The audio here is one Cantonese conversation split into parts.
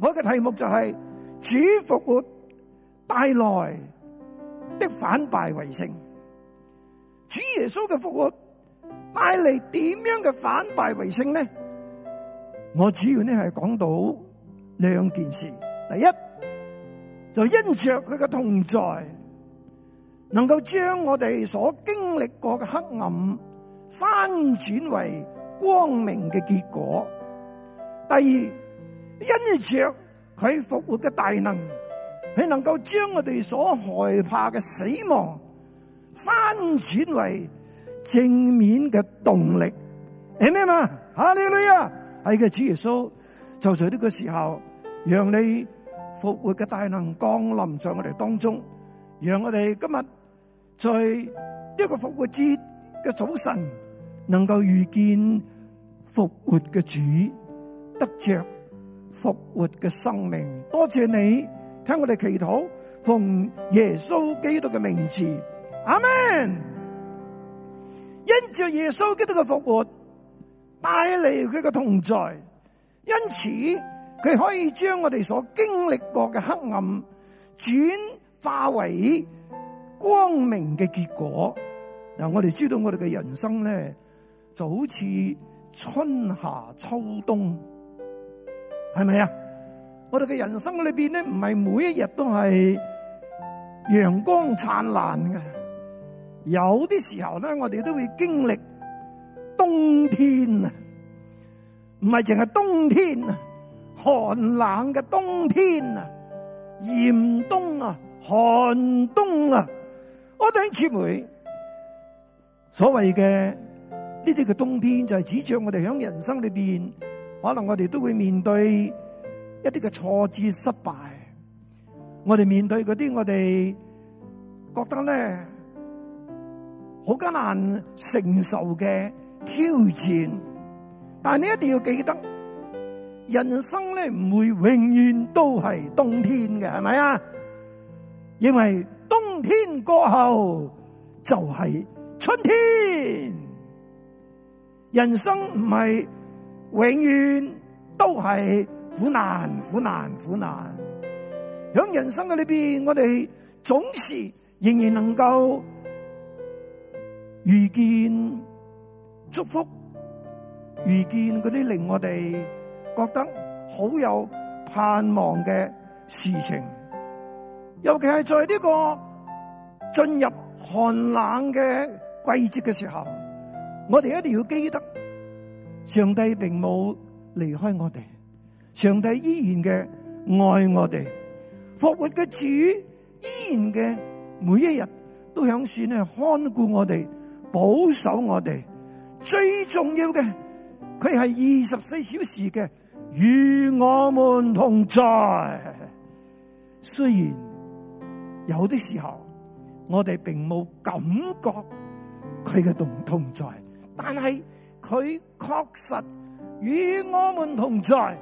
我嘅題目就係主復活帶來的反敗為勝。主耶穌嘅復活帶嚟點樣嘅反敗為勝呢？我主要呢係講到兩件事。第一，就因着佢嘅同在，能夠將我哋所經歷過嘅黑暗翻轉為光明嘅結果。第二。因着佢復活嘅大能，佢能夠將我哋所害怕嘅死亡翻轉為正面嘅動力，係咩嘛？哈利路亞，係嘅。主耶穌就在呢個時候，讓你復活嘅大能降臨在我哋當中，讓我哋今日在呢個復活節嘅早晨，能夠遇見復活嘅主，得着。復活嘅生命，多謝你聽我哋祈禱，奉耶穌基督嘅名字，阿門。因着耶穌基督嘅復活，帶嚟佢嘅同在，因此佢可以將我哋所經歷過嘅黑暗轉化為光明嘅結果。嗱，我哋知道我哋嘅人生咧，就好似春夏秋冬。係咪啊？我哋嘅人生裏邊咧，唔係每一日都係陽光燦爛嘅，有啲時候咧，我哋都會經歷冬天啊！唔係淨係冬天啊，寒冷嘅冬天啊，嚴冬啊，寒冬啊，我哋喺傳媒所謂嘅呢啲嘅冬天，就係指著我哋響人生裏邊。可能我哋都會面對一啲嘅挫折失敗，我哋面對嗰啲我哋覺得咧好艱難承受嘅挑戰，但係你一定要記得，人生咧唔會永遠都係冬天嘅，係咪啊？因為冬天過後就係春天，人生唔係。永遠都係苦難、苦難、苦難。響人生嘅裏邊，我哋總是仍然能夠遇見祝福，遇見啲令我哋覺得好有盼望嘅事情。尤其係在呢個進入寒冷嘅季節嘅時候，我哋一定要記得。上帝並冇離開我哋，上帝依然嘅愛我哋，復活嘅主依然嘅每一日都響算係看顧我哋，保守我哋。最重要嘅，佢係二十四小時嘅與我們同在。雖然有的時候我哋並冇感覺佢嘅同同在，但係。佢確實與我們同在，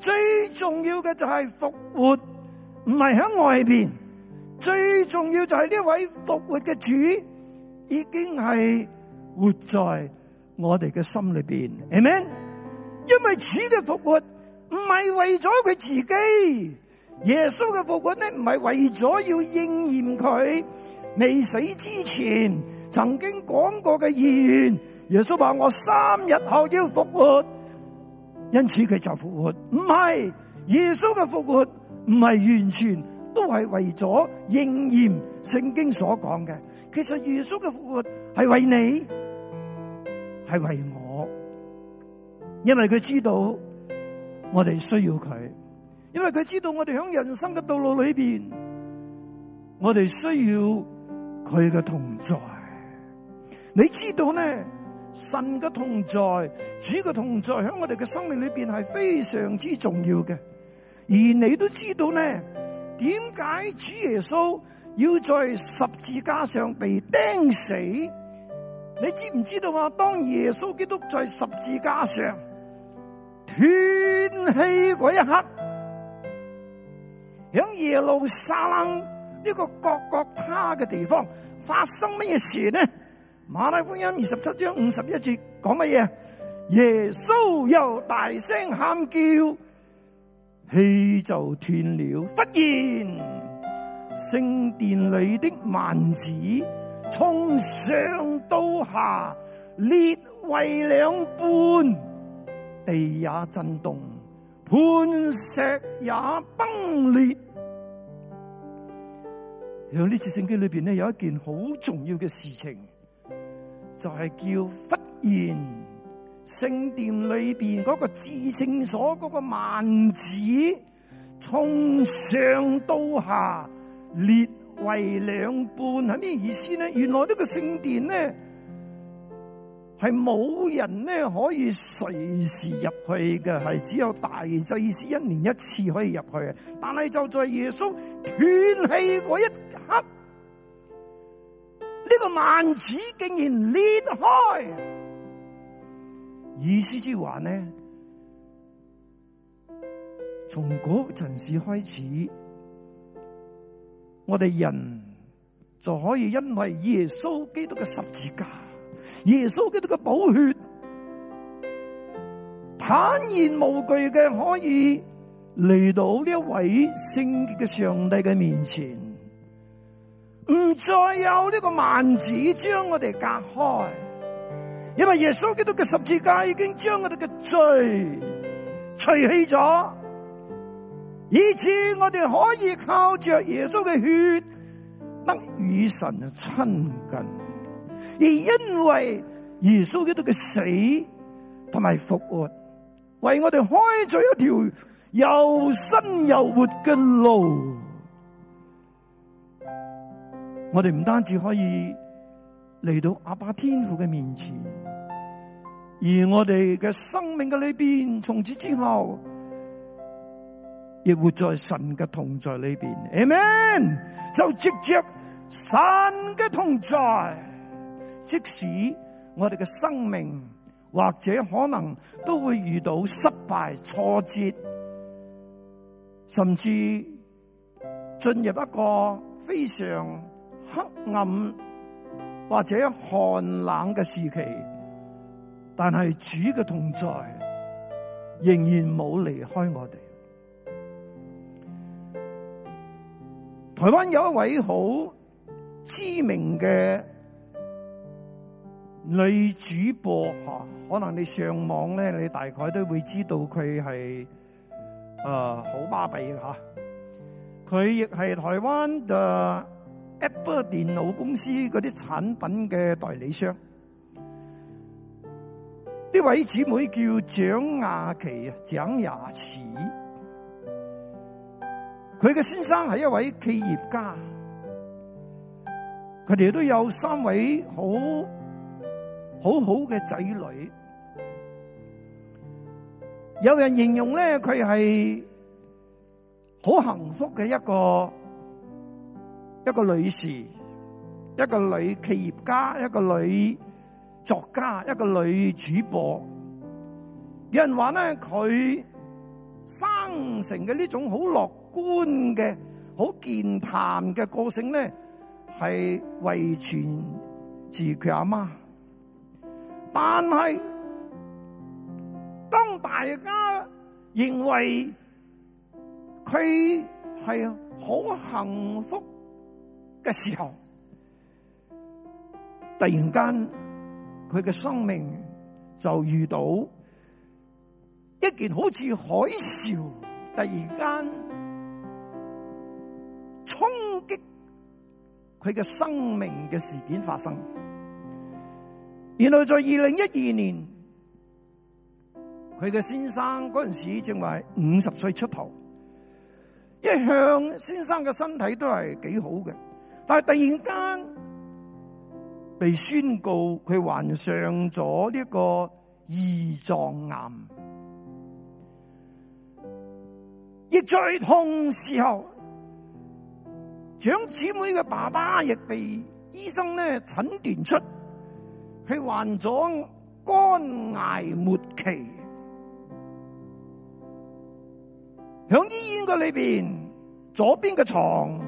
最重要嘅就係復活，唔係喺外邊，最重要就係呢位復活嘅主已經係活在我哋嘅心裏邊，係咪？因為主嘅復活唔係為咗佢自己，耶穌嘅復活呢唔係為咗要應驗佢未死之前曾經講過嘅意願。耶穌話我三日後要復活，因此佢就復活。唔係，耶穌嘅復活唔係完全都係為咗應驗聖經所講嘅。其實耶穌嘅復活係為你，係為我，因為佢知道我哋需要佢，因為佢知道我哋響人生嘅道路裏邊，我哋需要佢嘅同在。你知道呢？神嘅同在，主嘅同在，在，喺我哋嘅生命裏邊係非常之重要嘅。而你都知道呢，點解主耶穌要在十字架上被釘死？你知唔知道啊？當耶穌基督在十字架上斷氣嗰一刻，喺耶路撒冷呢個各各他嘅地方發生乜嘢事呢？馬太福音二十七章五十一節講乜嘢？耶穌又大聲喊叫，氣就斷了。忽然，聖殿裏的幔子從上到下裂為兩半，地也震動，磐石也崩裂。喺呢次聖經裏邊呢，有一件好重要嘅事情。就係叫忽然，聖殿裏邊個個至聖所個幔子，從上到下裂為兩半，係咩意思咧？原來呢個聖殿咧係冇人咧可以隨時入去嘅，係只有大祭司一年一次可以入去。但係就在耶穌斷氣嗰一刻。呢個幔子竟然裂開，意思之話呢？從嗰陣時開始，我哋人就可以因為耶穌基督嘅十字架，耶穌基督嘅寶血，坦然無懼嘅可以嚟到呢一位聖潔嘅上帝嘅面前。唔再有呢個幔子將我哋隔開，因為耶穌基督嘅十字架已經將我哋嘅罪除去咗，以致我哋可以靠着耶穌嘅血得與神親近。而因為耶穌基督嘅死同埋復活，為我哋開咗一條又新又活嘅路。我哋唔單止可以嚟到阿爸天父嘅面前，而我哋嘅生命嘅裏邊從此之後，亦活在神嘅同在裏邊。Amen！就藉着神嘅同在，即使我哋嘅生命或者可能都會遇到失敗、挫折，甚至進入一個非常……黑暗或者寒冷嘅時期，但係主嘅同在仍然冇離開我哋。台灣有一位好知名嘅女主播，可能你上網咧，你大概都會知道佢係誒好巴閉。嚇、呃。佢亦係台灣嘅。Apple 電腦公司嗰啲產品嘅代理商，呢位姊妹叫蔣亞琪啊，蔣亞琪，佢嘅先生係一位企業家，佢哋都有三位很很好好好嘅仔女，有人形容咧佢係好幸福嘅一個。一個女士，一個女企業家，一個女作家，一個女主播。有人話咧，佢生成嘅呢種好樂觀嘅、好健談嘅個性咧，係遺傳自佢阿媽。但係當大家認為佢係好幸福。嘅時候，突然間佢嘅生命就遇到一件好似海嘯，突然間衝擊佢嘅生命嘅事件發生。原來在二零一二年，佢嘅先生嗰陣時正話五十歲出頭，一向先生嘅身體都係幾好嘅。但係突然間被宣告佢患上咗呢個胰臟癌，亦最痛時候，長姊妹嘅爸爸亦被醫生呢診斷出佢患咗肝癌末期，響醫院嘅裏邊，左邊嘅床。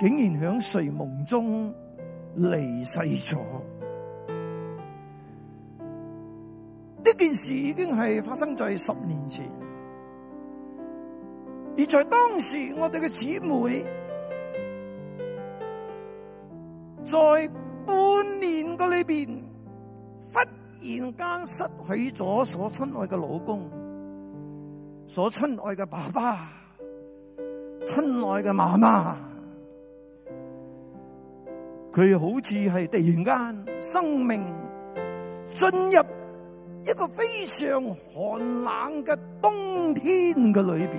竟然響睡夢中離世咗，呢件事已經係發生在十年前，而在當時，我哋嘅姊妹在半年個裏邊，忽然間失去咗所親愛嘅老公、所親愛嘅爸爸、親愛嘅媽媽。佢好似係突然間，生命進入一個非常寒冷嘅冬天嘅裏邊，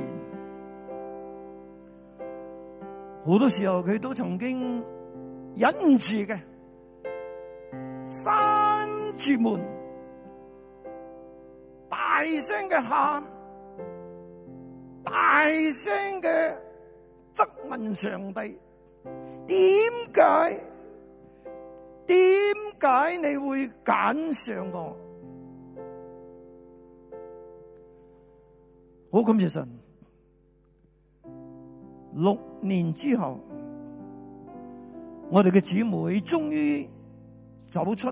好多時候佢都曾經忍住嘅，閂住門，大聲嘅喊，大聲嘅質問上帝：點解？點解你會揀上我？好感謝神！六年之後，我哋嘅姊妹終於走出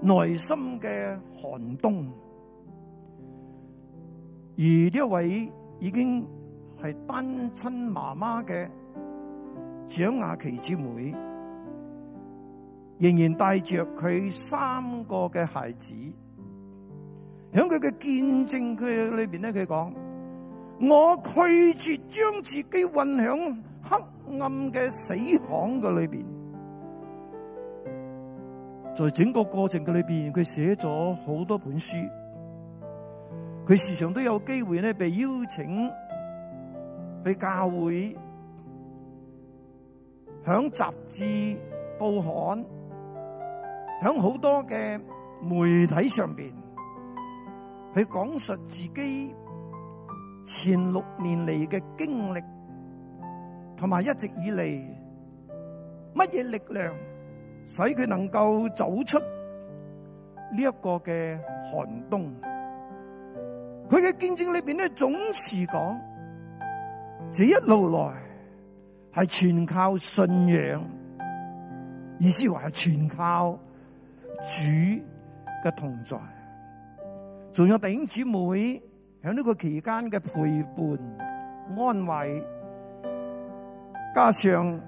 內心嘅寒冬，而呢一位已經係單親媽媽嘅蔣雅琪姊妹。仍然帶着佢三個嘅孩子，響佢嘅見證佢裏邊咧，佢講：我拒絕將自己困響黑暗嘅死巷嘅裏邊。在整個過程嘅裏邊，佢寫咗好多本書。佢時常都有機會呢，被邀請去教會，響雜誌報刊。響好多嘅媒體上邊，去講述自己前六年嚟嘅經歷，同埋一直以嚟乜嘢力量使佢能夠走出呢一個嘅寒冬。佢嘅見證裏邊咧，總是講，這一路來係全靠信仰，意思話係全靠。主嘅同在，仲有弟兄姊妹響呢個期間嘅陪伴安慰，加上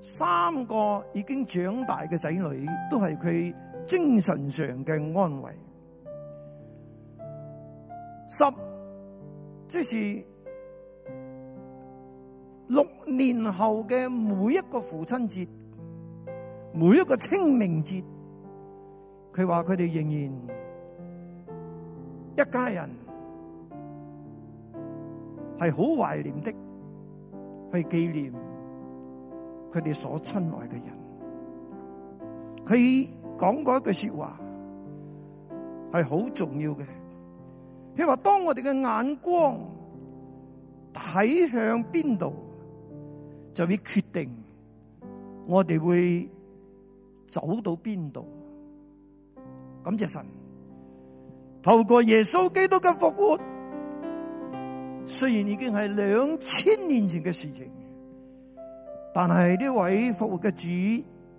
三個已經長大嘅仔女，都係佢精神上嘅安慰。十，即是六年後嘅每一個父親節。每一個清明節，佢話佢哋仍然一家人係好懷念的，去紀念佢哋所親愛嘅人。佢講過一句說話係好重要嘅，佢話當我哋嘅眼光睇向邊度，就會決定我哋會。走到邊度？感謝神，透過耶穌基督嘅復活，雖然已經係兩千年前嘅事情，但係呢位復活嘅主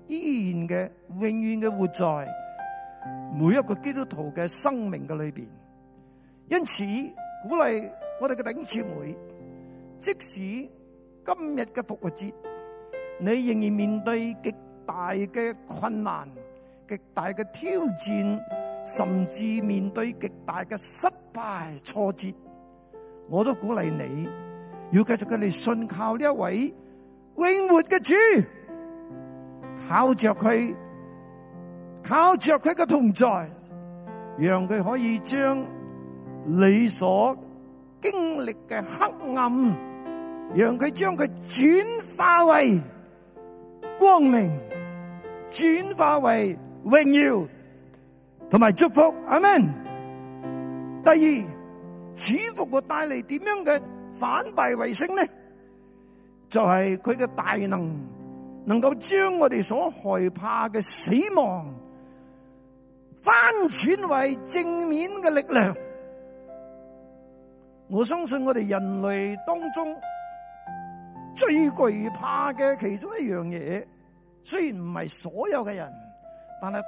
依然嘅、永遠嘅活在每一個基督徒嘅生命嘅裏邊。因此，鼓勵我哋嘅頂住會，即使今日嘅復活節，你仍然面對極。大嘅困難、極大嘅挑戰，甚至面對極大嘅失敗挫折，我都鼓勵你要繼續跟你信靠呢一位永活嘅主。靠着佢，靠着佢嘅同在，讓佢可以將你所經歷嘅黑暗，讓佢將佢轉化為光明。轉化為榮耀同埋祝福，阿們。第二，主福我帶嚟點樣嘅反敗為勝呢？就係佢嘅大能，能夠將我哋所害怕嘅死亡翻轉為正面嘅力量。我相信我哋人類當中最懼怕嘅其中一樣嘢。雖然唔係所有嘅人，但係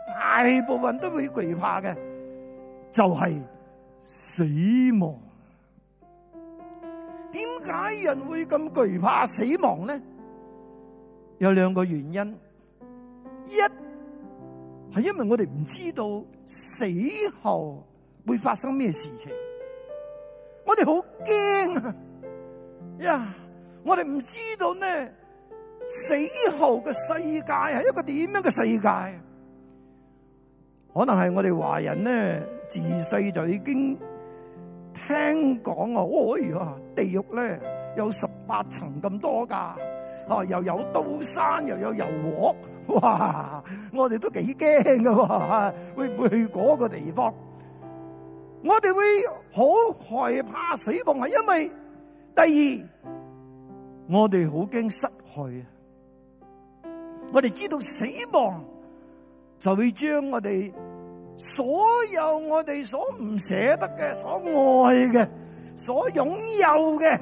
大部分都會懼怕嘅，就係死亡。點解人會咁懼怕死亡咧？有兩個原因，一係因為我哋唔知道死後會發生咩事情，我哋好驚啊！呀，我哋唔知道呢。死後嘅世界係一個點樣嘅世界？可能係我哋華人咧自細就已經聽講啊。哎呀，地獄咧有十八層咁多噶，哦又有刀山又有油鑊，哇！我哋都幾驚噶，會唔會去嗰個地方？我哋會好害怕死亡，係因為第二，我哋好驚失去啊。我哋知道死亡就會將我哋所有我哋所唔捨得嘅、所愛嘅、所擁有嘅、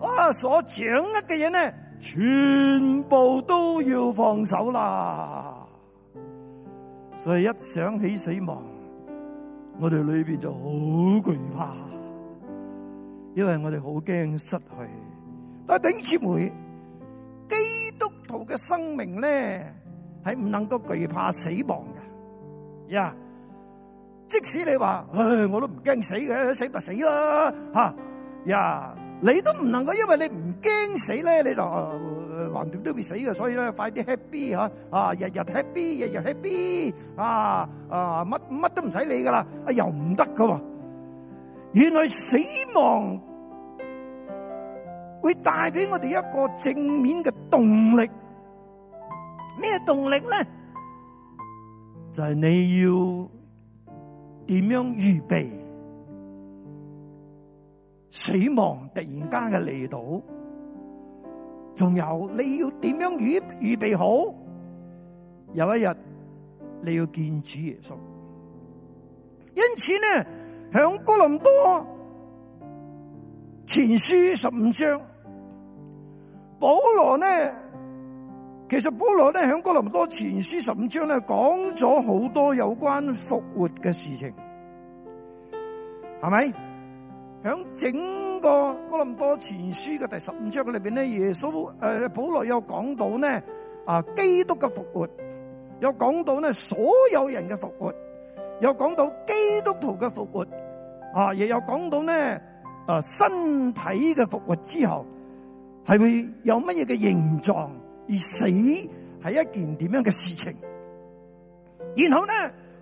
啊所掌握嘅嘢呢，全部都要放手啦。所以一想起死亡，我哋裏邊就好懼怕，因為我哋好驚失去。但係頂住佢。徒嘅生命咧，係唔能夠懼怕死亡嘅。呀，即使你話，誒，我都唔驚死嘅，死咪死咯吓。呀，你都唔能夠，因為你唔驚死咧，你就橫掂都會死嘅。所以咧，快啲 happy 吓，啊，日日 happy，日日 happy，啊啊，乜乜都唔使理噶啦，啊又唔得噶。原來死亡會帶俾我哋一個正面嘅動力。咩動力咧？就係你要點樣預備死亡突然間嘅嚟到，仲有你要點樣預預備好？有一日你要見主耶穌。因此呢，響哥林多前書十五章，保羅呢？其實保羅咧喺哥林多前書十五章咧講咗好多有關復活嘅事情，係咪？喺整個哥林多前書嘅第十五章裏邊咧，耶穌誒保羅有講到呢啊基督嘅復活，有講到呢所有人嘅復活，有講到基督徒嘅復活，啊，亦有講到呢啊身體嘅復活之後係會有乜嘢嘅形狀？而死係一件點樣嘅事情？然後呢，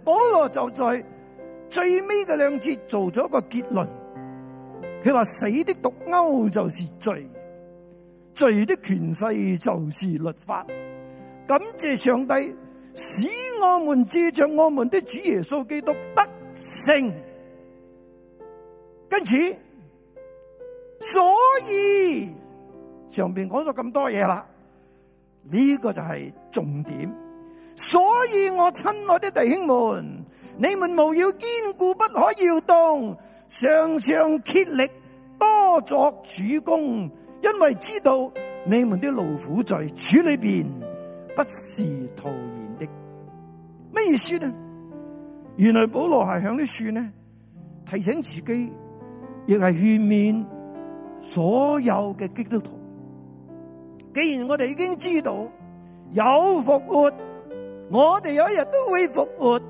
保羅就在最尾嘅兩節做咗個結論，佢話死的毒鈎就是罪，罪的權勢就是律法。感謝上帝，使我們借着我們的主耶穌基督得勝。跟住，所以上邊講咗咁多嘢啦。呢個就係重點，所以我親愛的弟兄們，你們務要堅固，不可搖動，常常竭力多作主工，因為知道你們的勞苦在主裏邊不是徒然的。咩意思呢？原來保羅係響呢處呢，提醒自己，亦係勸勉所有嘅基督徒。既然我哋已經知道有復活，我哋有一日都會復活，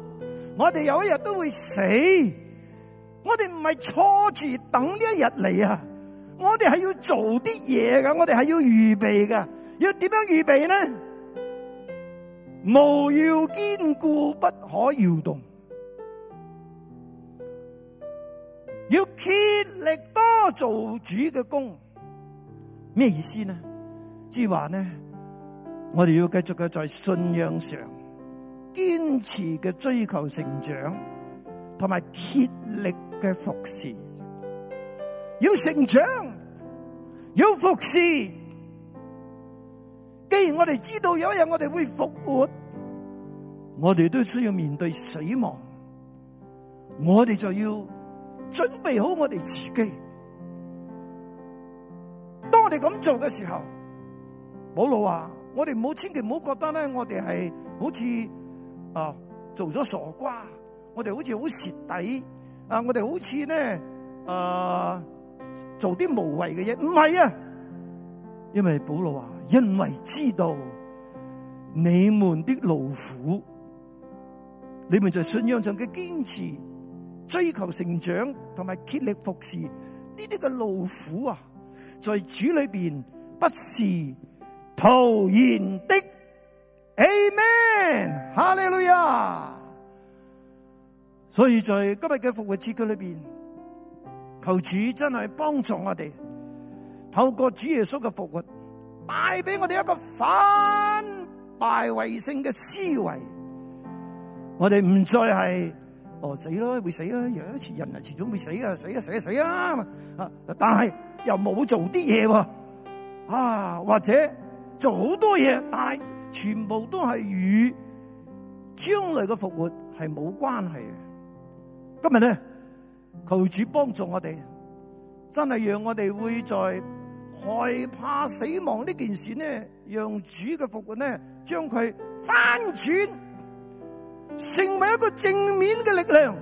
我哋有一日都會死，我哋唔係坐住等呢一日嚟啊！我哋係要做啲嘢嘅，我哋係要預備嘅，要點樣預備呢？務要堅固，不可搖動，要竭力多做主嘅工，咩意思呢？之話呢，我哋要繼續嘅在信仰上堅持嘅追求成長，同埋竭力嘅服侍。要成長，要服侍。既然我哋知道有一日我哋會復活，我哋都需要面對死亡。我哋就要準備好我哋自己。當我哋咁做嘅時候。保羅話、啊：我哋唔好千祈唔好覺得咧，我哋係好似啊做咗傻瓜，我哋好似好蝕底啊！我哋好似咧啊做啲無謂嘅嘢，唔係啊！因為保羅話、啊，因為知道你們的勞苦，你們在信仰上嘅堅持、追求成長同埋竭力服侍，呢啲嘅勞苦啊，在主裏邊不是。陶然的，Amen，Hallelujah。所以在今日嘅復活節嘅裏邊，求主真係幫助我哋，透過主耶穌嘅復活，帶俾我哋一個反敗為勝嘅思維。我哋唔再係哦死咯，會死咯，有一次人啊，遲早會死啊，死啊，死啊，死啊！啊，但係又冇做啲嘢喎，啊或者。做好多嘢，但係全部都係與將來嘅復活係冇關係嘅。今日咧，求主幫助我哋，真係讓我哋會在害怕死亡呢件事呢，讓主嘅復活呢，將佢翻轉，成為一個正面嘅力量，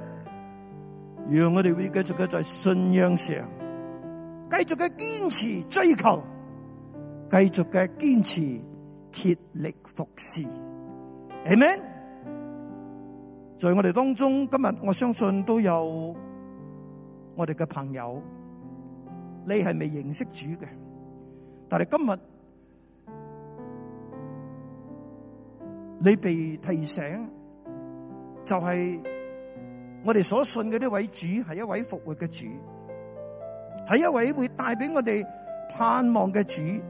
讓我哋會繼續嘅在信仰上，繼續嘅堅持追求。繼續嘅堅持竭力服侍，阿門。在我哋當中，今日我相信都有我哋嘅朋友，你係未認識主嘅，但係今日你被提醒，就係我哋所信嘅呢位主，係一位復活嘅主，係一位會帶俾我哋盼望嘅主。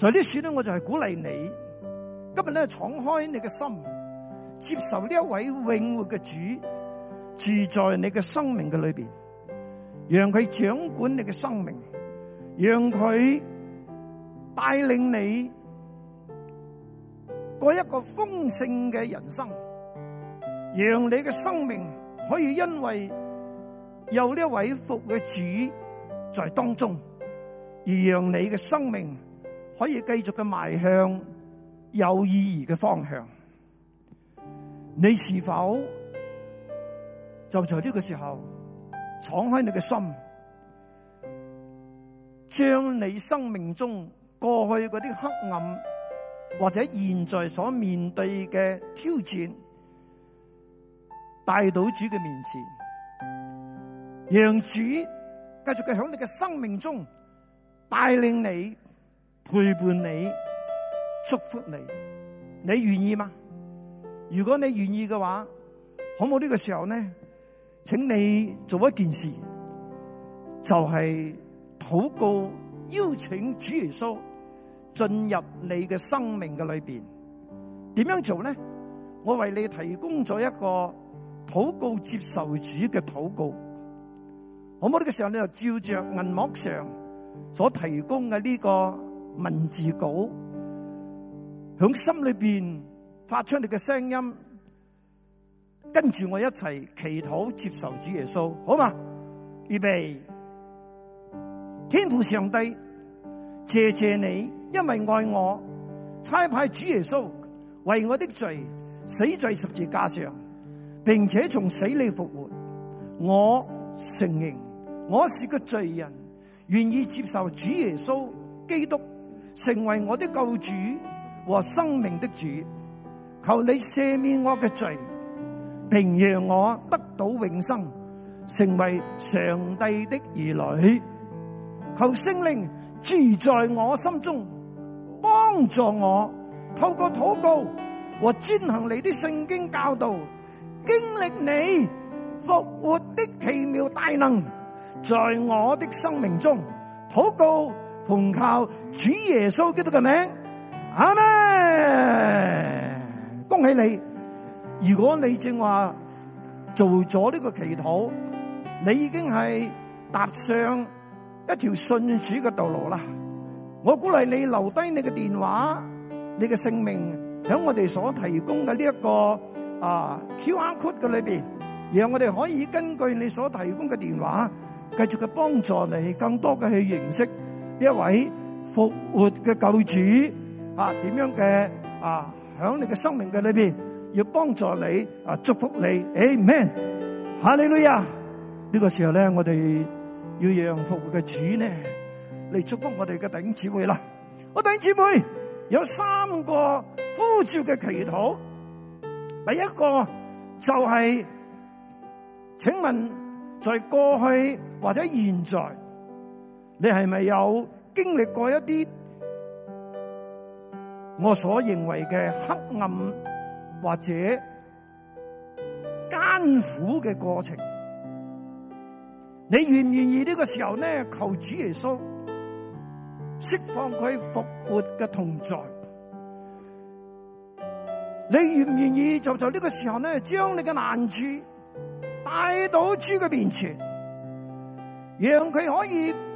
所以呢次咧，我就係鼓勵你。今日咧，敞開你嘅心，接受呢一位永活嘅主住在你嘅生命嘅裏邊，讓佢掌管你嘅生命，讓佢帶領你過一個豐盛嘅人生，讓你嘅生命可以因為有呢一位服嘅主在當中，而讓你嘅生命，可以繼續嘅邁向有意義嘅方向，你是否就在呢個時候敞開你嘅心，將你生命中過去嗰啲黑暗或者現在所面對嘅挑戰，帶到主嘅面前，讓主繼續嘅響你嘅生命中帶領你。陪伴你，祝福你，你願意嗎？如果你願意嘅話，可唔可呢個時候呢，請你做一件事，就係禱告，邀請主耶穌進入你嘅生命嘅裏邊。點樣做呢？我為你提供咗一個禱告，接受主嘅禱告，可唔可呢個時候，你就照着銀幕上所提供嘅呢個。文字稿響心裏邊發出你嘅聲音，跟住我一齊祈禱接受主耶穌，好嗎？預備。天父上帝，謝謝你，因為愛我，差派主耶穌為我的罪死在十字架上，並且從死裏復活。我承認我是個罪人，願意接受主耶穌基督，成為我的救主和生命的主，求你赦免我嘅罪，並讓我得到永生，成為上帝的兒女。求聖靈住在我心中，幫助我透過禱告和遵行你啲聖經教導，經歷你復活的奇妙大能，在我的生命中禱告。奉靠主耶穌基督嘅名，阿們。恭喜你。如果你正話做咗呢個祈禱，你已經係踏上一條信主嘅道路啦。我鼓勵你留低你嘅電話，你嘅姓名響我哋所提供嘅呢一個啊 QR code 嘅裏邊，然後我哋可以根據你所提供嘅電話，繼續嘅幫助你，更多嘅去認識。一位復活嘅救主啊，點樣嘅啊，喺你嘅生命嘅裏邊要幫助你啊，祝福你，哎，咩？吓，你女啊？呢個時候咧，我哋要讓復活嘅主呢，嚟祝福我哋嘅弟兄姊妹啦。我弟兄姊妹有三個呼召嘅祈禱，第一個就係，請問在過去或者現在？你係咪有經歷過一啲我所認為嘅黑暗或者艱苦嘅過程？你願唔願意呢個時候呢？求主耶穌釋放佢復活嘅同在。你願唔願意就喺呢個時候呢？將你嘅難處帶到主嘅面前，讓佢可以。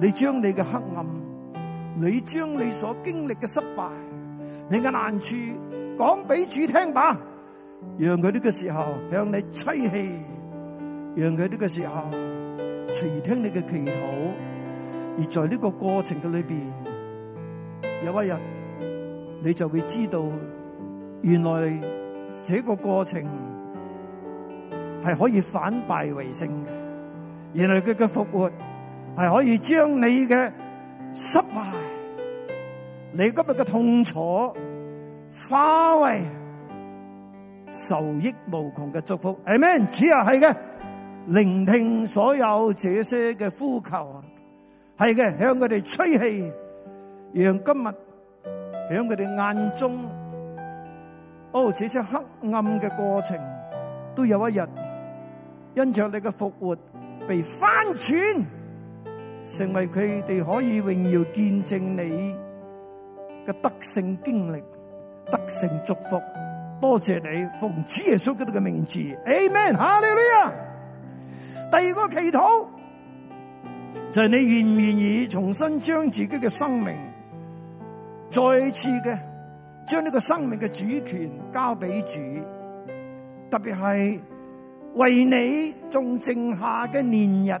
你將你嘅黑暗，你將你所經歷嘅失敗，你嘅難處講俾主聽吧，讓佢呢個時候向你吹氣，讓佢呢個時候垂聽你嘅祈禱，而在呢個過程嘅裏邊，有一日你就會知道，原來呢個過程係可以反敗為勝嘅，原來佢嘅復活。係可以將你嘅失敗，你今日嘅痛楚，化為受益無窮嘅祝福，Amen。主啊，係嘅，聆聽所有這些嘅呼求，係嘅，向佢哋吹氣，讓今日響佢哋眼中，哦，這些黑暗嘅過程，都有一日因着你嘅復活被翻轉。成為佢哋可以榮耀見證你嘅得勝經歷、得勝祝福，多謝你，奉主耶穌基督嘅名字，Amen！吓，你你啊，第二個祈禱就係、是、你願唔願意重新將自己嘅生命再次嘅，將呢個生命嘅主權交俾主，特別係為你仲剩下嘅年日。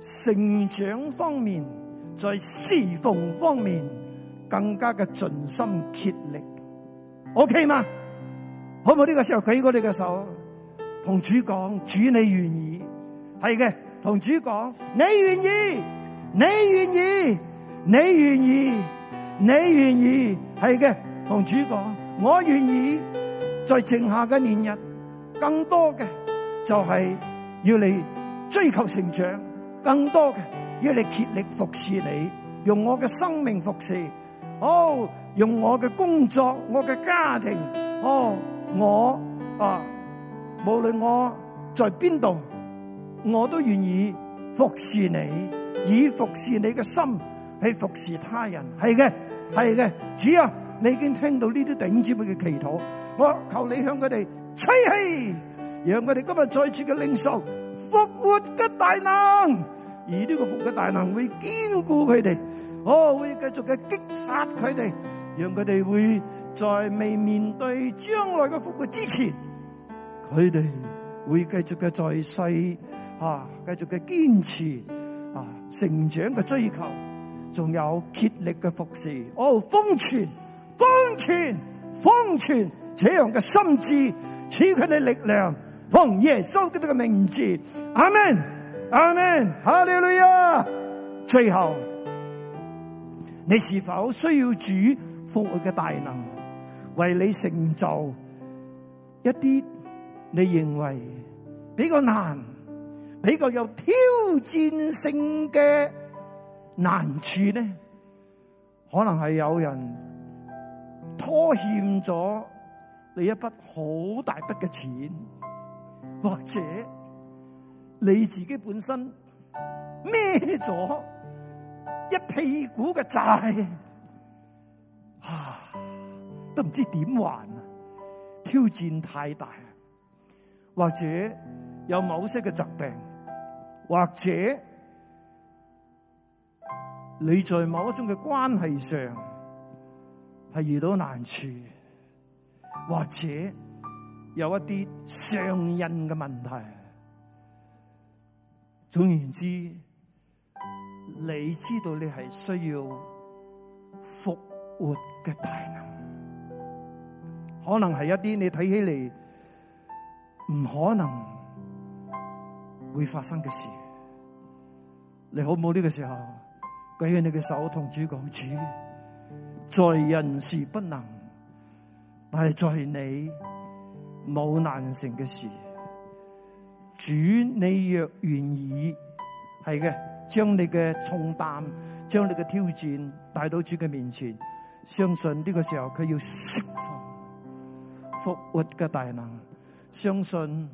成長方面，在侍奉方面更加嘅盡心竭力，OK 嗎？好唔好呢個時候舉過你嘅手，同主講，主你願意，係嘅同主講你願意，你願意，你願意，你願意，係嘅同主講我願意，在剩下嘅年日，更多嘅就係要嚟追求成長。更多嘅要你竭力服侍你，用我嘅生命服侍，哦，用我嘅工作、我嘅家庭，哦，我啊，無論我在邊度，我都願意服侍你，以服侍你嘅心去服侍他人。係嘅，係嘅，主啊，你已經聽到呢啲頂尖嘅祈禱，我求你向佢哋吹氣，讓佢哋今日再次嘅領受。復活嘅大能，而呢個復活大能會堅固佢哋，哦，會繼續嘅激發佢哋，讓佢哋會在未面對將來嘅復活之前，佢哋會繼續嘅在世啊，繼續嘅堅持啊，成長嘅追求，仲有竭力嘅服侍哦，封存封存封存這樣嘅心智，賜佢哋力量。奉耶穌嘅呢個嘅名字，阿門，阿門，哈利路亞。最後，你是否需要主復活嘅大能，為你成就一啲你認為比較難、比較有挑戰性嘅難處呢？可能係有人拖欠咗你一筆好大筆嘅錢。或者你自己本身孭咗一屁股嘅債，啊，都唔知點還啊，挑戰太大，或者有某些嘅疾病，或者你在某一種嘅關係上係遇到難處，或者。有一啲上癮嘅問題。總言之，你知道你係需要復活嘅大能，可能係一啲你睇起嚟唔可能會發生嘅事。你好唔好？呢個時候舉起你嘅手跟，同主講主，在人是不能，但係在你，冇難成嘅事，主你若願意，係嘅，將你嘅重擔，將你嘅挑戰帶到主嘅面前，相信呢個時候佢要釋放復活嘅大能，相信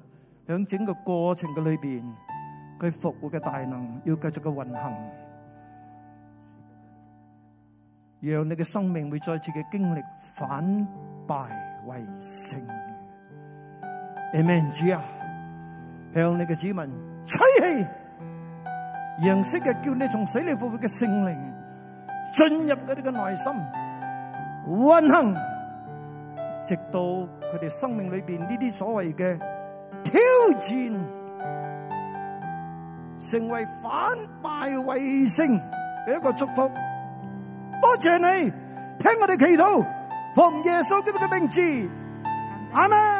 喺整個過程嘅裏面，佢復活嘅大能要繼續嘅運行，讓你嘅生命會再次嘅經歷反敗為勝。阿門主啊，向你嘅子民吹氣，仁慈嘅叫你從死裏復活嘅聖靈進入佢哋嘅內心，運行，直到佢哋生命裏邊呢啲所謂嘅挑戰，成為反敗為勝嘅一個祝福。多謝你聽我哋祈禱，奉耶穌基督嘅名字，阿門。